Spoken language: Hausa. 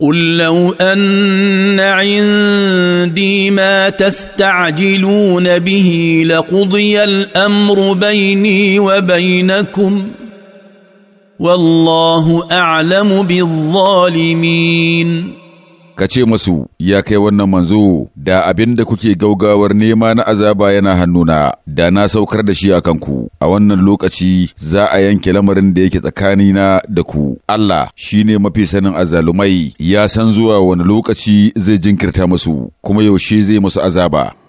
قل لو ان عندي ما تستعجلون به لقضي الامر بيني وبينكم والله اعلم بالظالمين ka ce masu ya kai wannan manzo da abin da kuke gaugawar nema na azaba yana hannuna da na saukar da shi a kanku a wannan lokaci za a yanke lamarin da yake tsakanina da ku Allah shine mafi sanin azalumai ya san zuwa wani lokaci zai jinkirta masu kuma yaushe zai masu azaba